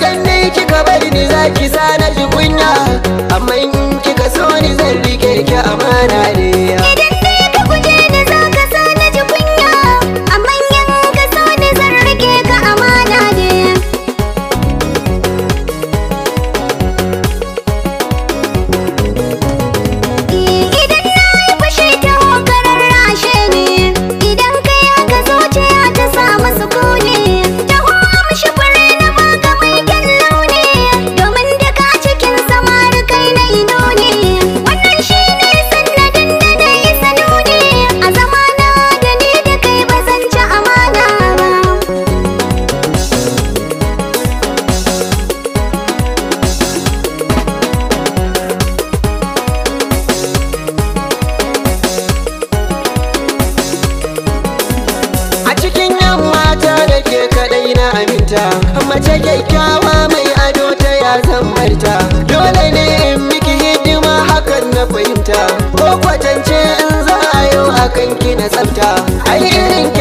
idan ni kika bari ni zaki sana ji kunya amma in kika so ni zan rike ki amana mace kyakkyawa mai ado ta ya zan ta, dole ne in miki hidima hakan na fahimta ko kwatance in za a yau akan ki na tsafta ai irin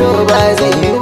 so wise zai you.